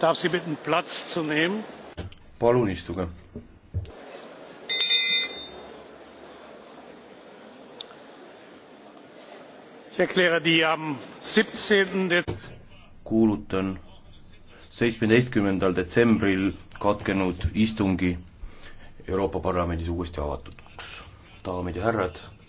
darf sie bitten platz zu nehmen. palun istuge. ich erkläre die am. 17. kuulutan 17. detsembril katkenud istungi euroopa parlamendis uuesti avatuks. daamid ja härrad!